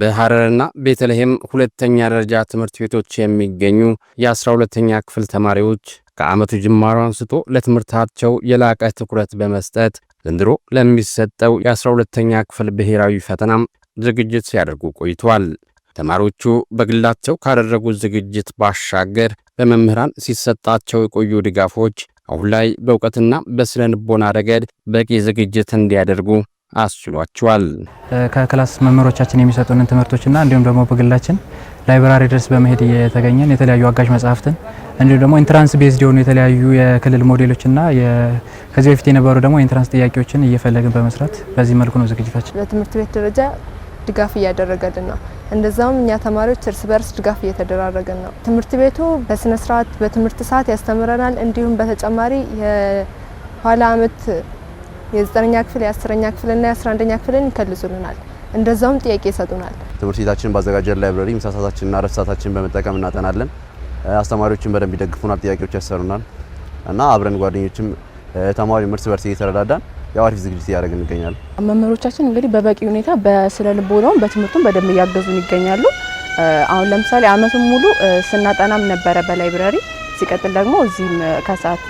በሐረርና ቤተልሔም ሁለተኛ ደረጃ ትምህርት ቤቶች የሚገኙ የ12ተኛ ክፍል ተማሪዎች ከዓመቱ ጅማሮ አንስቶ ለትምህርታቸው የላቀ ትኩረት በመስጠት ዘንድሮ ለሚሰጠው የ12ተኛ ክፍል ብሔራዊ ፈተናም ዝግጅት ሲያደርጉ ቆይቷል። ተማሪዎቹ በግላቸው ካደረጉት ዝግጅት ባሻገር በመምህራን ሲሰጣቸው የቆዩ ድጋፎች አሁን ላይ በእውቀትና በስነ ልቦና ረገድ በቂ ዝግጅት እንዲያደርጉ አስችሏቸዋል። ከክላስ መምህሮቻችን የሚሰጡንን ትምህርቶችና እንዲሁም ደግሞ በግላችን ላይብራሪ ድረስ በመሄድ እየተገኘን የተለያዩ አጋዥ መጽሐፍትን እንዲሁም ደግሞ ኢንትራንስ ቤዝድ የሆኑ የተለያዩ የክልል ሞዴሎችና ከዚህ በፊት የነበሩ ደግሞ የኢንትራንስ ጥያቄዎችን እየፈለግን በመስራት በዚህ መልኩ ነው ዝግጅታችን። በትምህርት ቤት ደረጃ ድጋፍ እያደረገልን ነው። እንደዛውም እኛ ተማሪዎች እርስ በርስ ድጋፍ እየተደራረግን ነው። ትምህርት ቤቱ በስነስርዓት በትምህርት ሰዓት ያስተምረናል። እንዲሁም በተጨማሪ የኋላ አመት የዘጠነኛ ክፍል የአስረኛ ክፍልና የአስራአንደኛ ክፍልን ይከልሱልናል። እንደዛውም ጥያቄ ይሰጡናል። ትምህርት ቤታችን ባዘጋጀ ላይብረሪ ምሳ ሰዓታችንና ረፍት ሰዓታችን በመጠቀም እናጠናለን። አስተማሪዎችን በደንብ ይደግፉናል፣ ጥያቄዎች ያሰሩናል እና አብረን ጓደኞችም ተማሪ እርስ በርስ እየተረዳዳን ያው ዝግጅት እያደረግን እንገኛለን። መምህሮቻችን እንግዲህ በበቂ ሁኔታ በስነ ልቦናውም በትምህርቱም በደንብ እያገዙን ይገኛሉ። አሁን ለምሳሌ አመቱን ሙሉ ስናጠናም ነበረ በላይብረሪ ሲቀጥል ደግሞ እዚህም ከሰዓት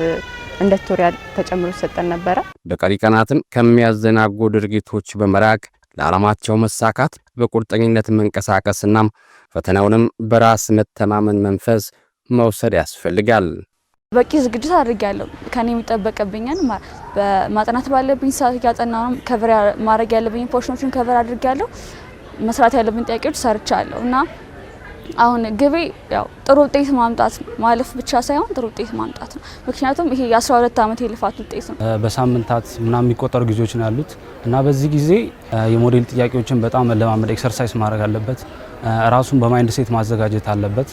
እንደ ቱቶሪያል ተጨምሮ ይሰጠን ነበረ። በቀሪ ቀናትም ከሚያዘናጉ ድርጊቶች በመራቅ ለዓላማቸው መሳካት በቁርጠኝነት መንቀሳቀስና ፈተናውንም በራስ መተማመን መንፈስ መውሰድ ያስፈልጋል። በቂ ዝግጅት አድርጊያለሁ። ከኔ የሚጠበቅብኝን ማጥናት ባለብኝ ሰዓት ያጠናውም ከቨር ማድረግ ያለብኝ ፖርሽኖችን ከቨር አድርጊያለሁ። መስራት ያለብኝ ጥያቄዎች ሰርቻለሁ እና አሁን ግቤ ያው ጥሩ ውጤት ማምጣት ማለፍ ብቻ ሳይሆን ጥሩ ውጤት ማምጣት ነው። ምክንያቱም ይሄ የ12 ዓመት የልፋት ውጤት ነው። በሳምንታት ምናምን የሚቆጠሩ ጊዜዎች ነው ያሉት እና በዚህ ጊዜ የሞዴል ጥያቄዎችን በጣም መለማመድ፣ ኤክሰርሳይዝ ማድረግ አለበት። ራሱን በማይንድ ሴት ማዘጋጀት አለበት።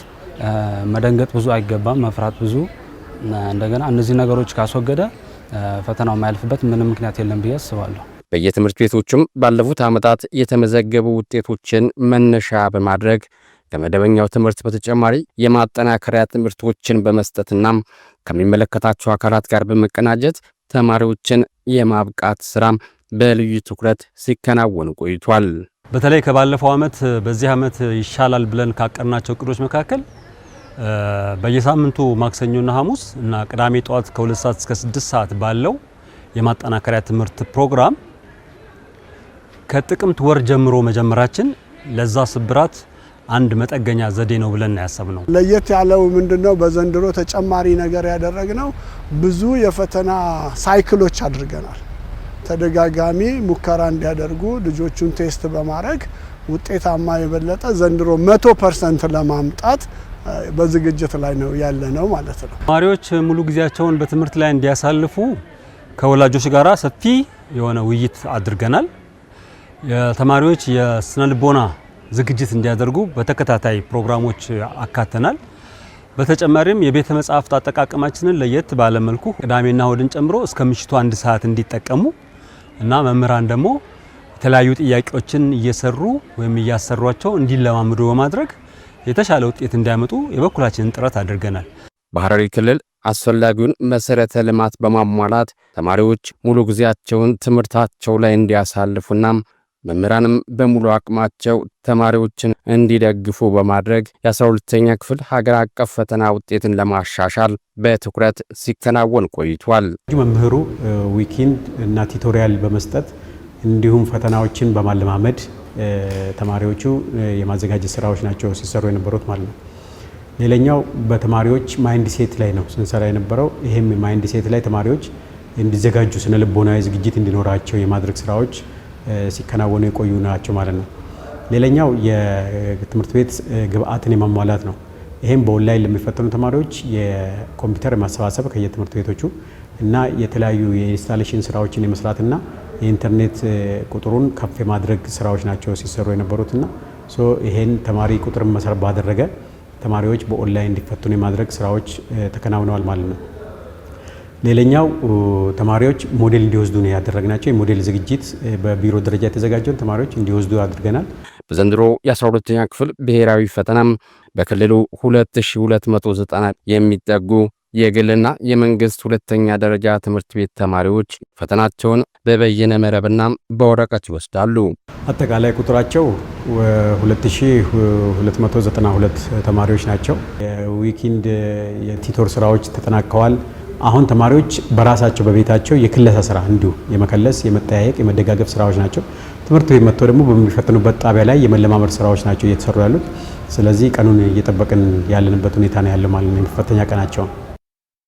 መደንገጥ ብዙ አይገባም፣ መፍራት ብዙ እንደገና እነዚህ ነገሮች ካስወገደ ፈተናው የማያልፍበት ምንም ምክንያት የለም ብዬ አስባለሁ። በየትምህርት ቤቶችም ባለፉት ዓመታት የተመዘገቡ ውጤቶችን መነሻ በማድረግ ከመደበኛው ትምህርት በተጨማሪ የማጠናከሪያ ትምህርቶችን በመስጠትና ከሚመለከታቸው አካላት ጋር በመቀናጀት ተማሪዎችን የማብቃት ስራም በልዩ ትኩረት ሲከናወን ቆይቷል። በተለይ ከባለፈው ዓመት በዚህ ዓመት ይሻላል ብለን ካቀድናቸው እቅዶች መካከል በየሳምንቱ ማክሰኞና ሐሙስ እና ቅዳሜ ጠዋት ከሁለት ሰዓት እስከ ስድስት ሰዓት ባለው የማጠናከሪያ ትምህርት ፕሮግራም ከጥቅምት ወር ጀምሮ መጀመራችን ለዛ ስብራት አንድ መጠገኛ ዘዴ ነው ብለን ነው ያሰብነው። ለየት ያለው ምንድነው? በዘንድሮ ተጨማሪ ነገር ያደረግነው ብዙ የፈተና ሳይክሎች አድርገናል። ተደጋጋሚ ሙከራ እንዲያደርጉ ልጆቹን ቴስት በማድረግ ውጤታማ የበለጠ ዘንድሮ መቶ ፐርሰንት ለማምጣት በዝግጅት ላይ ነው ያለ ነው ማለት ነው። ተማሪዎች ሙሉ ጊዜያቸውን በትምህርት ላይ እንዲያሳልፉ ከወላጆች ጋር ሰፊ የሆነ ውይይት አድርገናል። የተማሪዎች የስነልቦና ዝግጅት እንዲያደርጉ በተከታታይ ፕሮግራሞች አካተናል። በተጨማሪም የቤተ መጻሕፍት አጠቃቀማችንን ለየት ባለመልኩ ቅዳሜና እሁድን ጨምሮ እስከ ምሽቱ አንድ ሰዓት እንዲጠቀሙ እና መምህራን ደግሞ የተለያዩ ጥያቄዎችን እየሰሩ ወይም እያሰሯቸው እንዲለማምዱ በማድረግ የተሻለ ውጤት እንዲያመጡ የበኩላችንን ጥረት አድርገናል። በሐረሪ ክልል አስፈላጊውን መሰረተ ልማት በማሟላት ተማሪዎች ሙሉ ጊዜያቸውን ትምህርታቸው ላይ እንዲያሳልፉና መምህራንም በሙሉ አቅማቸው ተማሪዎችን እንዲደግፉ በማድረግ የ 12 ተኛ ክፍል ሀገር አቀፍ ፈተና ውጤትን ለማሻሻል በትኩረት ሲከናወን ቆይቷል። መምህሩ ዊኪንድ እና ቲቶሪያል በመስጠት እንዲሁም ፈተናዎችን በማለማመድ ተማሪዎቹ የማዘጋጀት ስራዎች ናቸው ሲሰሩ የነበሩት ማለት ነው። ሌላኛው በተማሪዎች ማይንድ ሴት ላይ ነው ስንሰራ የነበረው። ይህም ማይንድ ሴት ላይ ተማሪዎች እንዲዘጋጁ ስነ ልቦናዊ ዝግጅት እንዲኖራቸው የማድረግ ስራዎች ሲከናወኑ የቆዩ ናቸው ማለት ነው። ሌላኛው የትምህርት ቤት ግብአትን የማሟላት ነው። ይህም በኦንላይን ለሚፈተኑ ተማሪዎች የኮምፒውተር ማሰባሰብ ከየትምህርት ቤቶቹ እና የተለያዩ የኢንስታሌሽን ስራዎችን የመስራትና የኢንተርኔት ቁጥሩን ከፍ የማድረግ ስራዎች ናቸው ሲሰሩ የነበሩትና ይሄን ተማሪ ቁጥር መሰረት ባደረገ ተማሪዎች በኦንላይን እንዲፈተኑ የማድረግ ስራዎች ተከናውነዋል ማለት ነው። ሌላኛው ተማሪዎች ሞዴል እንዲወስዱ ነው ያደረግናቸው። የሞዴል ዝግጅት በቢሮ ደረጃ የተዘጋጀውን ተማሪዎች እንዲወስዱ አድርገናል። በዘንድሮ የ12ኛ ክፍል ብሔራዊ ፈተናም በክልሉ 2290 የሚጠጉ የግልና የመንግስት ሁለተኛ ደረጃ ትምህርት ቤት ተማሪዎች ፈተናቸውን በበይነ መረብና በወረቀት ይወስዳሉ። አጠቃላይ ቁጥራቸው 2292 ተማሪዎች ናቸው። የዊኪንድ የቲቶር ስራዎች ተጠናቀዋል። አሁን ተማሪዎች በራሳቸው በቤታቸው የክለሳ ስራ እንዲሁ የመከለስ፣ የመጠያየቅ፣ የመደጋገፍ ስራዎች ናቸው። ትምህርት ቤት መጥቶ ደግሞ በሚፈትኑበት ጣቢያ ላይ የመለማመድ ስራዎች ናቸው እየተሰሩ ያሉት። ስለዚህ ቀኑን እየጠበቅን ያለንበት ሁኔታ ነው ያለው ማለት ነው የመፈተኛ ቀናቸውን